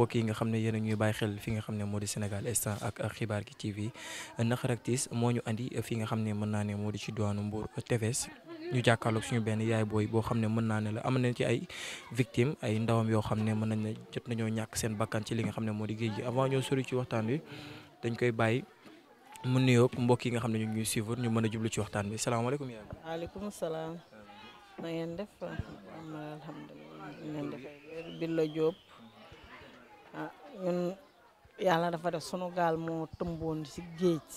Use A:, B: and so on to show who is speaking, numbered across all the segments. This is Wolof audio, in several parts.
A: mbokk yi nga xam ne yéen a ñuy bàyyi xel fi nga xam ne moo di Sénégal instant ak xibaar gi TV naqar ak moo ñu andi fi nga xam ne mën naa ne moo di ci diwaanu Mbour tefes ñu jàkkaarloog suñu benn yaay booy boo xam ne mën naa ne la am nañ ci ay victime ay ndawam yoo xam ne mën nañ ne jot nañoo ñàkk seen bakkan ci li nga xam ne moo di géej gi avant ñoo sori ci waxtaan wi dañ koy bàyyi mu nuyoog mbokk yi nga xam ne ñu ngi ñuy suivre ñu mën a jublu ci waxtaan bi salaamaaleykum yaay.
B: maaleykum salaam. na ngeen def alhamdulilah ngeen def Billo Diop ah ñun yàlla dafa def sunu gaal moo tëmboon si géej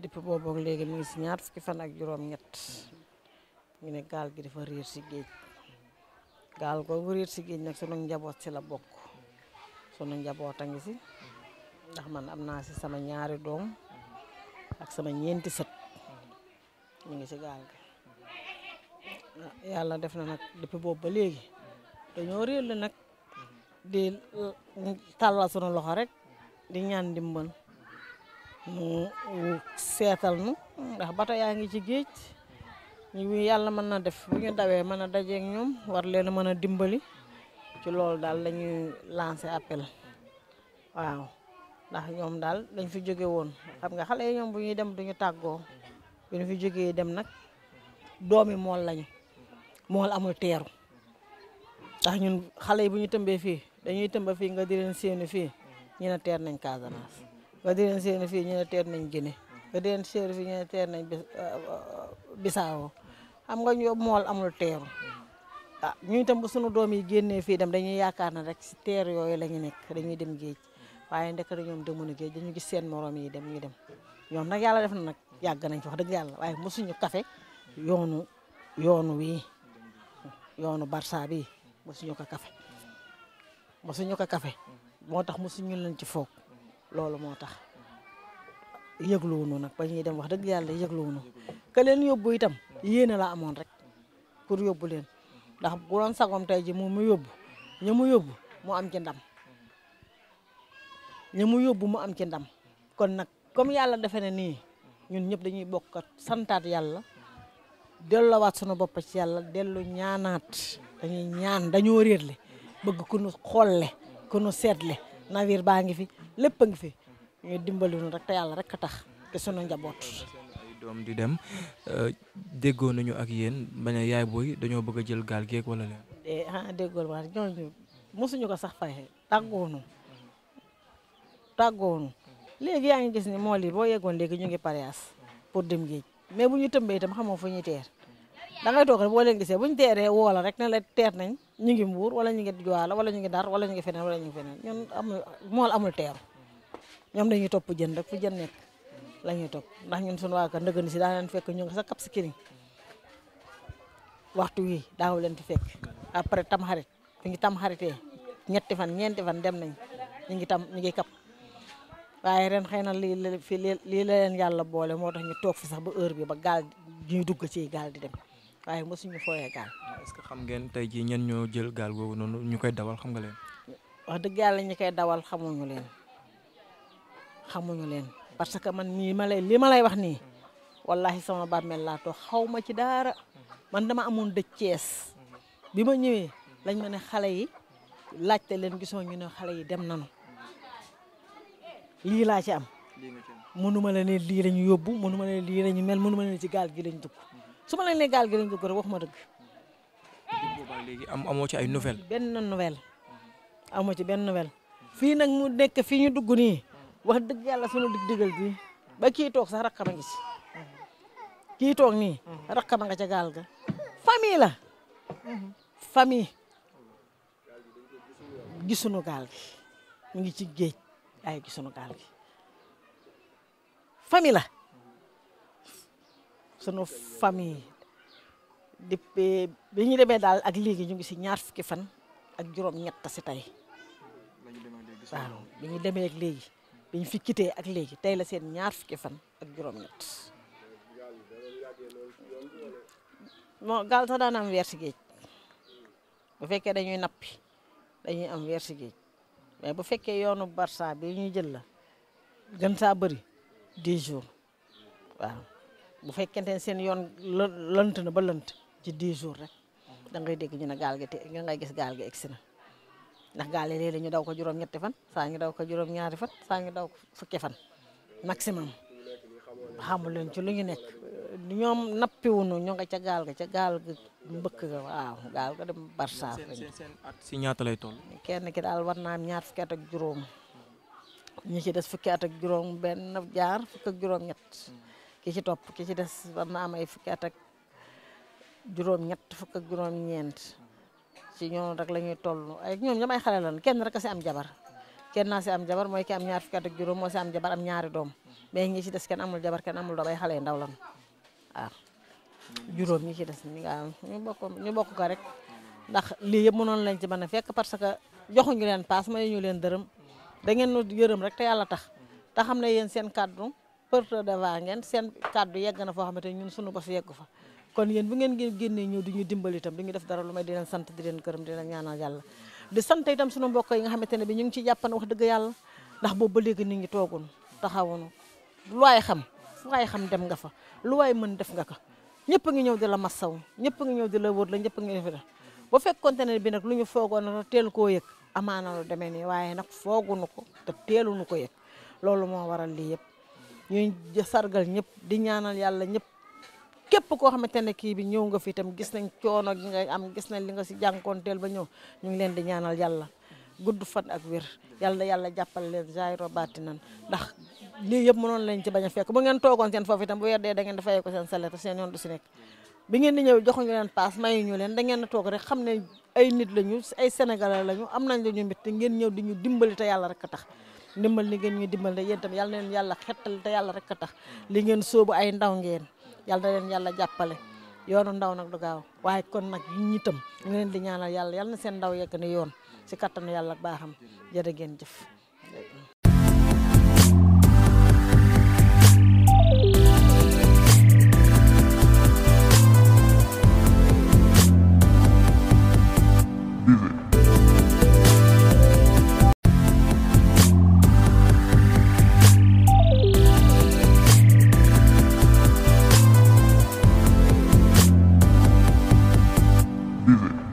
B: depuis boobu ak léegi mu ngi si ñaar fukki fan ak juróom-ñett ñu ne gaal gi dafa riir si géej gaal googu réer si géej nag sunu njaboot si la bokk sunu njaboot a ngi si ndax man am naa si sama ñaari doom ak sama ñeenti sët ñu ngi si gaal gi ah, yàlla def na nag depuis boobu léegi dañoo réer la nag. di eh, tàllal sunu loxo rek di ñaan dimbal mu sétal nu ndax bato yaangi ci geej ñi wi yalla mëna def bu ñu dawee mëna dajé ak ñoom war leen mëna dimbali ci lool dal lañuy lancer appel waaw ndax ñoom dal lañ fi joggé woon xam nga xalé yi ñoom bu ñuy dem duñu taggo bu ñu fi joggé dem nak doomi mool lañu mool amul teeru tax ñun xalé yi bu ñu tëmbé fi dañuy tëmb fi nga di leen seen fi ñu na teer nañ Casamance nga di leen seen fi ñu na teer nañ Guinée nga di leen seen fi ñu na teer nañ euh, euh, Bissau xam nga ñu mool amul teeru ah, ñuy tëmb suñu doom yi génnee fii dem dañuy yaakaar ne rek si teer yooyu la ñu nekk dañuy dem géej waaye ndekete ñoom demuñu géej dañu gis seen morom yi dem ñu dem ñoom nag yàlla def na nag yàgg nañ ci wax dëgg yàlla waaye mosuñu kafe yoonu yoonu wii yoonu barsa bi mosuñu ko kafe mosuñu ko kafe motax tax mosuñu leen ci foog loolu motax yeglu wonu nak bañuy dem wax yalla yeglu wonu ka leen yobbu itam yéene la amone rek pour yobbu leen ndax bu doon sagom tay ji mu mu yobbu ñamu yobbu mu am ci ndam ñamu yobbu mu am ci ndam kon nak, comme yalla defe ne nii ñun ñep dañuy bokk yalla delu wat sunu bop ci yalla delu ñaanat dañuy ñaan dañu bëgg ku nu xoolle ku nu seetle navire baa ngi fi lépp a ngi fi ñu dimbali nu te yàlla rek a tax te njaboot.
A: doom di dem euh, déggoo nañu ak yéen ma yaay booy dañoo bëgg a jël gaal geeg wala leen.
B: eh ah déggoo wax ñooñu ko sax fay tàggoonu tàggoonu léegi yaa ngi gis ni moo lii boo yeggoon léegi ñu ngi pare pour dem géej mais bu ñu tëmbee itam xamoo fu ñu teer. da ngay toog rek boo leen gisee buñ teeree woola rek ne la teer nañ ñu ngi mbuur wala ñu ngi jowaala wala ñu ngi dar wala ñu ngi feneen wala ñu ngi feneen amul mool amul teeru ñoom dañuy topp jën rek fu jën nekk la ñuy topp ndax ñun suñu waa kër ndëgën si daan leen fekk ñu ngi sa kap si kiriñ waxtu wi daaw leen di fekk après tam xarit ngi tam xaritee ñetti fan ñeenti fan dem nañ ñu ngi tam ñu ngi kap waaye ren xëy na lii la fi lii la leen yàlla boole moo tax ñu toog fi sax ba heure bi ba gaal ñuy dugg ci gaal di dem waaye mosuñu fooyee gaal. est que xam
A: ngeen tey jii ñen ñoo jël gaal googu ñu koy dawal xam nga leen.
B: wax dëgg yàlla ñi koy dawal xamuñu leen xamuñu leen parce que man nii ma lay ma lay wax nii wallahi sama bàmmeel laa toog xaw ma ci dara man dama amoon dëj Cees bi ma ñëwee lañ ma ne xale yi laajte leen gisoo ñu ne xale yi dem nanu lii laa ci am. mënuma la ne lii la ñu yóbbu mënuma la ne lii la mel mënuma la ne ci gaal gi lañ dugg. su ma la nee gaal gi lañ dugg wax ma dëgg.
A: léegi am ci ay nouvelle.
B: benn nouvelle. amoo ci benn nouvelle. fii nag mu nekk fii ñu dugg nii. wax dëgg yàlla sunu dig digal bi ba kii toog sax rakk ma ngi kii toog nii. rakk ma nga ca gaal ga. famille la. famille. gisunu gaal gi mu ngi ci géej ay gisunu gaal gi famille sunu famille depuis bi ñu demee daal ak léegi ñu ngi si ñaar fukki fan ak juróom-ñett si tey bi ñu demee ak léegi bi ñu fikkitee kitee ak léegi tey la seen ñaar fukki fan ak juróom-ñett moo gaal sax daan am weer si géej bu fekkee dañuy nappi dañuy am weer si géej mais bu fekkee yoonu Barça bi ñuy jël la gën saa bëri dix jours waaw. bu fekkente sen seen yoon lënt na ba lënt ci 10 jours rek da ngay deg ñu na gal gi te nga ngay gis gal gi egsi ndax gal le léeg ñu daw ko juróom-ñetti fan sa ngi daw ko juróom-ñaari fan sa ngi daw ko fukki fan maximum xamul leen ci lu ñu nekk nappi nappiwunu ñu nga ca gal ga ca gal ga mbeuk ga waaw gal ga dem sen sen at
A: si ñaata lay toll
B: kenn ki dal war na am ñaar fukki at ak juróom ñi ci dess fukki at ak juróom ben jaar fukki ak juróom-ñett ki ci top ki ci dess ba ma am ay fukki atak juroom ñett fukk ak juroom ñent ci ñoo rek la tollu ay ñoom ñamay xalé lan kenn rek ci am jabar kenn na ci am jabar moy ki am ñaar fukki atak juroom mo ci am jabar am ñaari doom mais ñi ci dess kenn amul jabar kenn amul doom ay xale ndaw lan ah juroom ñi ci dess ñi nga am ñu bokk ñu bokk ka rek ndax li yeb mënon lañ ci mëna fekk parce que ñu len pass mayu ñu len deureum da ngeen nu yeureum rek te yalla tax ta xamne yeen seen porteur de voix ngeen seen kàddu yegg na foo xamante ñun suñu bos yeggu fa kon yéen bu ngeen ngeen génnee ñëw di ñu dimbali itam di ñu def dara lu may di leen sant di leen gërëm di leen ñaanal yàlla di sant itam suñu mbokk yi nga xamante ne bi ñu ngi ci jàppan wax dëgg yàlla ndax boobu ba xam dem nga fa lu waay mën def nga ko ñëpp ngi ñëw di la massaw ñëpp ngi ñëw di la wër la ñëpp ngi ñëw di la bu fekkoonte ne bi nag lu ñu foogoon na teel koo yëg amaana lu demee nii waaye nag foogunu ko te teelunu ko yëg loolu moo waral lii yëpp ñu ñuy sargal ñëpp di ñaanal yàlla ñëpp képp koo xamante ne kii bi ñëw nga fi itam gis nañ coono gi nga am gis nañ li nga si jànkoonteel ba ñëw ñu ngi leen di ñaanal yàlla gudd fan ak wér yàlla yàlla jàppal leen jaayro baati nan ndax lii yëpp mënoon lañ ci toogoon seen foofu itam bu weer dee da ngeen dafayee si nekk bi ngeen di ñëw joxuñu leen paas mayu ñu leen da ngeen a toog rek xam ne ay nit lañu ay am nañ la ñu mbit te ngeen ñëw di ñu dimbali te yàlla rek a tax ndimbal li ngeen ñi dimbal yéen itam yal na leen yàlla xettal te yàlla rek a tax li ngeen sóobu ay ndaw ngeen yal na leen yàlla jàppale yoonu ndaw nag du gaaw waaye kon nag ñiitam itam ñu leen di ñaanal yàlla yal na seen ndaw yegg ni yoon si kattanu yàlla baaxam jërë geen jëf visit